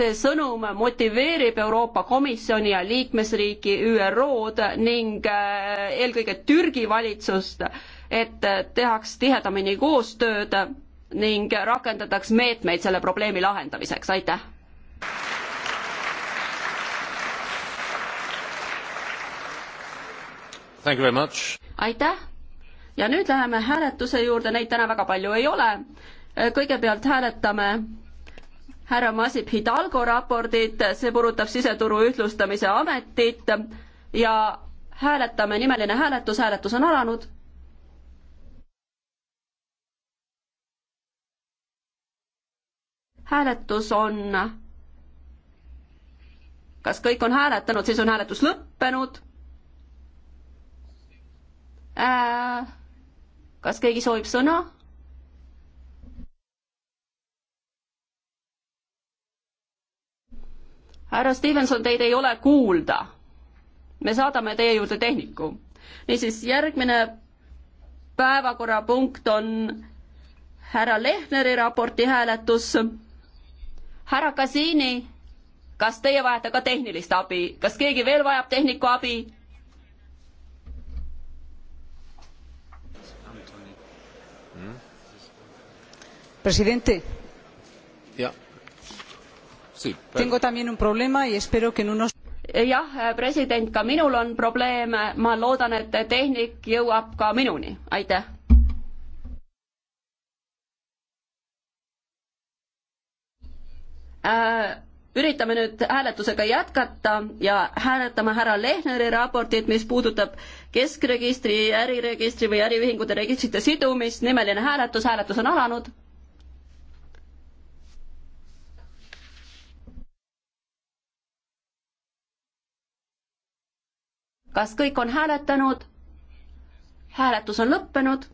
see sõnum motiveerib Euroopa Komisjoni ja liikmesriiki ÜRO-d ning äh, eelkõige Türgi valitsust, et äh, tehaks tihedamini koostööd ning rakendataks meetmeid selle probleemi lahendamiseks, aitäh! aitäh! ja nüüd läheme hääletuse juurde, neid täna väga palju ei ole. kõigepealt hääletame härra Masip Hidalgo raportit, see puudutab siseturu ühtlustamise ametit ja hääletame, nimeline hääletus, hääletus on alanud. hääletus on, kas kõik on hääletanud, siis on hääletus lõppenud äh,. kas keegi soovib sõna? härra Stevenson, teid ei ole kuulda. me saadame teie juurde tehniku. niisiis, järgmine päevakorrapunkt on härra Lehneri raporti hääletus. härra Kasiini, kas teie vajate ka tehnilist abi, kas keegi veel vajab tehniku abi? presidente. jah Sí, tengo también un problema y espero que en unos jah, president, ka minul on probleeme, ma loodan, et tehnik jõuab ka minuni, aitäh. Äh, üritame nüüd hääletusega jätkata ja hääletame härra Lehneri raportit, mis puudutab keskregistri, äriregistri või äriühingute registrite sidumist, nimeline hääletus, hääletus on alanud kas kõik on hääletanud? hääletus on lõppenud.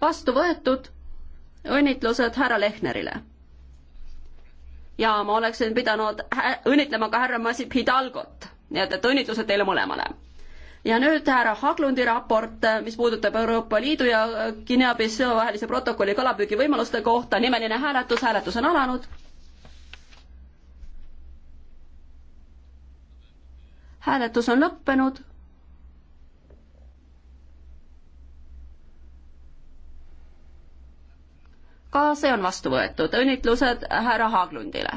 vastu võetud. õnnitlused härra Lehnerile. ja ma oleksin pidanud õnnitlema ka härra Masip Hidalgot, nii et, et õnnitlused teile mõlemale ja nüüd härra Haglundi raport, mis puudutab Euroopa Liidu ja Guinea-Bissau vahelise protokolli kalapüügivõimaluste kohta, nimeline hääletus, hääletus on alanud hääletus on lõppenud. ka see on vastu võetud, õnnitlused härra Haaglundile.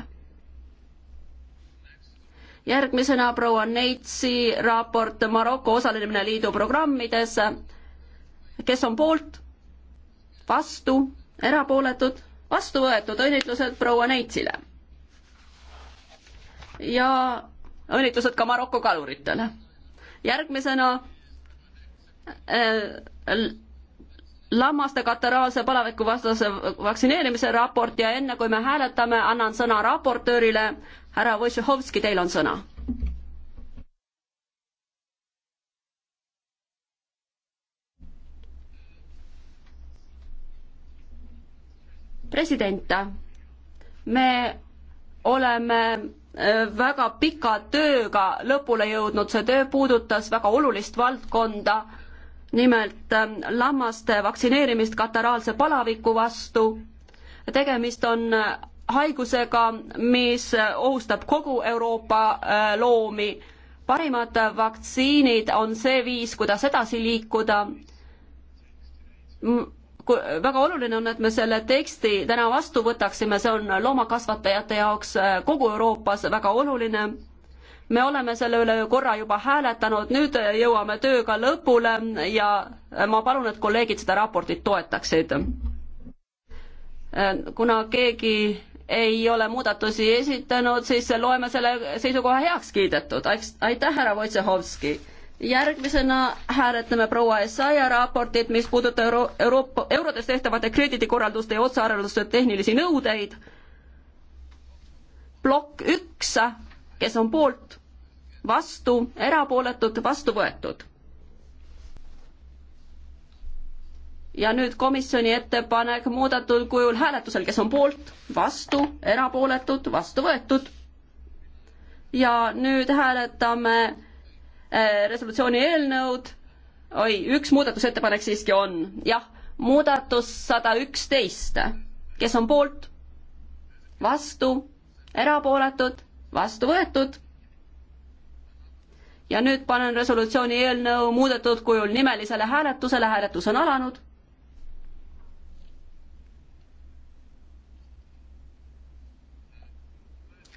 järgmisena proua Neitsi raport Maroko osalemine liidu programmides. kes on poolt? vastu, erapooletud, vastu võetud, õnnitlused proua Neitsile. ja õnnitlused ka Maroko kaluritele. järgmisena äh, lammaste kataraalse palaviku vastase vaktsineerimise raport ja enne kui me hääletame, annan sõna raportöörile. härra Võšehovski, teil on sõna. president, me oleme Äh, väga pika tööga lõpule jõudnud, see töö puudutas väga olulist valdkonda, nimelt ähm, lammaste vaktsineerimist kataraalse palaviku vastu. tegemist on äh, haigusega, mis äh, ohustab kogu Euroopa loomi. parimad vaktsiinid on see viis, kuidas edasi liikuda väga oluline on, et me selle teksti täna vastu võtaksime, see on loomakasvatajate jaoks äh, kogu Euroopas väga oluline. me oleme selle üle korra juba hääletanud, nüüd jõuame tööga lõpule ja ma palun, et kolleegid seda raportit toetaksid. Äh, kuna keegi ei ole muudatusi esitanud, siis loeme selle seisukoha heaks kiidetud. aitäh, härra Wojciechowski järgmisena hääletame proua Essaja raportit, mis puudutab Euro-, Euroopa, eurodes tehtavate krediidikorralduste ja otsearvelduste tehnilisi nõudeid. plokk üks, kes on poolt, vastu, erapooletud, vastu võetud. ja nüüd komisjoni ettepanek muudetud kujul hääletusel, kes on poolt, vastu, erapooletud, vastu võetud. ja nüüd hääletame Äh, resolutsiooni eelnõud, oi, üks muudatusettepanek siiski on, jah, muudatus sada üksteist, kes on poolt, vastu, erapooletud, vastu võetud. ja nüüd panen resolutsiooni eelnõu muudetud kujul nimelisele hääletusele, hääletus on alanud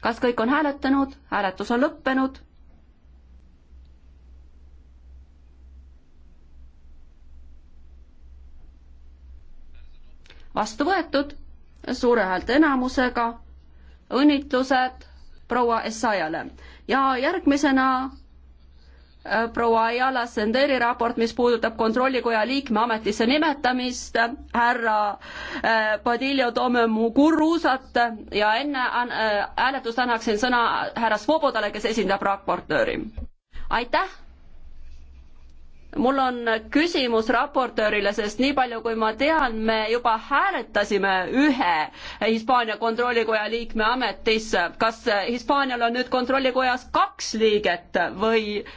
kas kõik on hääletanud, hääletus on lõppenud? vastu võetud suure häälte enamusega. õnnitlused proua Essayale ja järgmisena äh, proua Ayala Senderi raport, mis puudutab Kontrollikoja liikme ametisse nimetamist, härra äh, Padiljo Tomemugurusat ja enne äh, hääletust annaksin sõna härra Svobodale, kes esindab raportööri. aitäh mul on küsimus raportöörile, sest nii palju, kui ma tean, me juba hääletasime ühe Hispaania kontrollikoja liikme ametisse. kas Hispaanial on nüüd kontrollikojas kaks liiget või äh,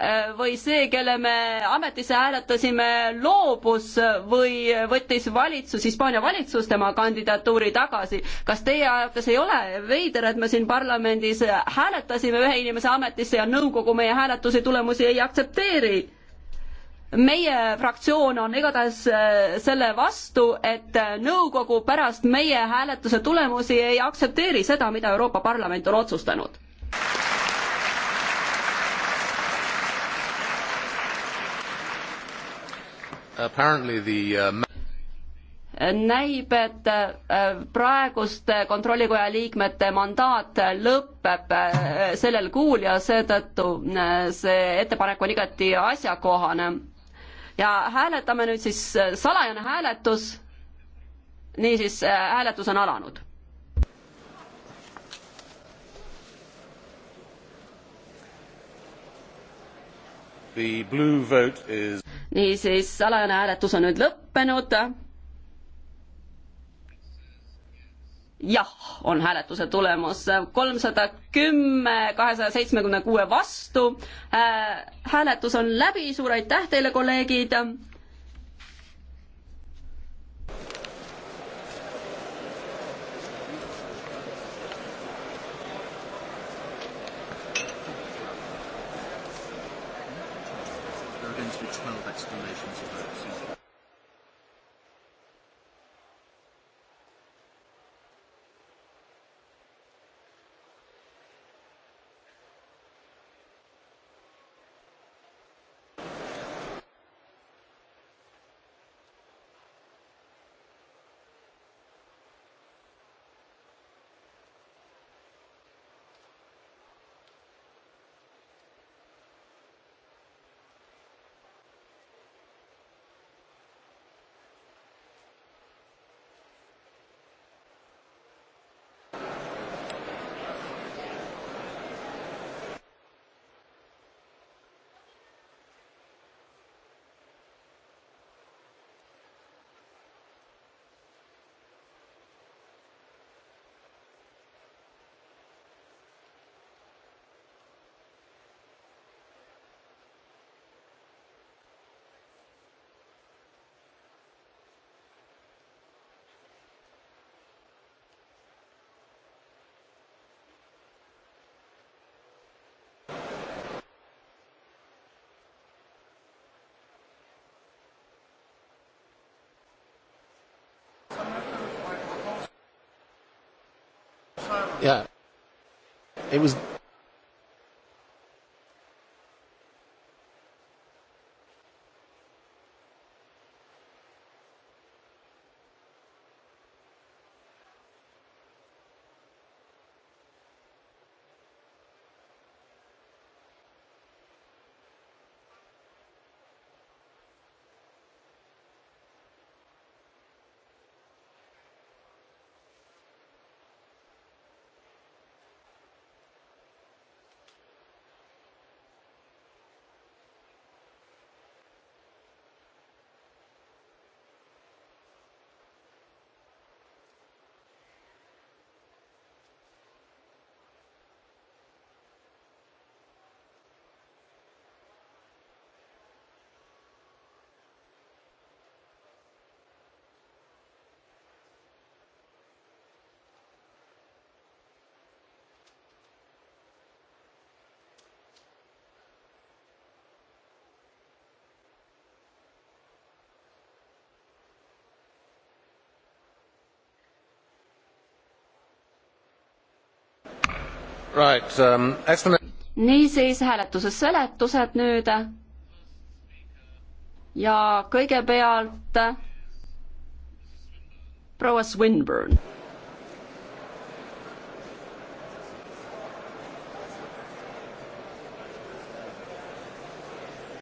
Äh, või see, kelle me ametisse hääletasime, loobus või võttis valitsus, Hispaania valitsus tema kandidatuuri tagasi. kas teie arvates ei ole veider, et me siin parlamendis hääletasime ühe inimese ametisse ja nõukogu meie hääletuse tulemusi ei aktsepteeri? meie fraktsioon on igatahes äh, selle vastu, et nõukogu pärast meie hääletuse tulemusi ei aktsepteeri seda, mida Euroopa Parlament on otsustanud. Apparently the uh, näib, et äh, praeguste kontrollikoja liikmete mandaat lõpeb äh, sellel kuul ja seetõttu äh, see ettepanek on igati asjakohane. ja hääletame nüüd siis, salajane hääletus. niisiis, hääletus on alanud Is... niisiis, salajane hääletus on nüüd lõppenud. jah, on hääletuse tulemus kolmsada kümme, kahesaja seitsmekümne kuue vastu. Äh, hääletus on läbi, suur aitäh teile, kolleegid going to be 12 explanations of votes. yeah. It was Right, um, excellent. niisiis hääletuse seletused nüüd. ja kõigepealt proua Swinburne.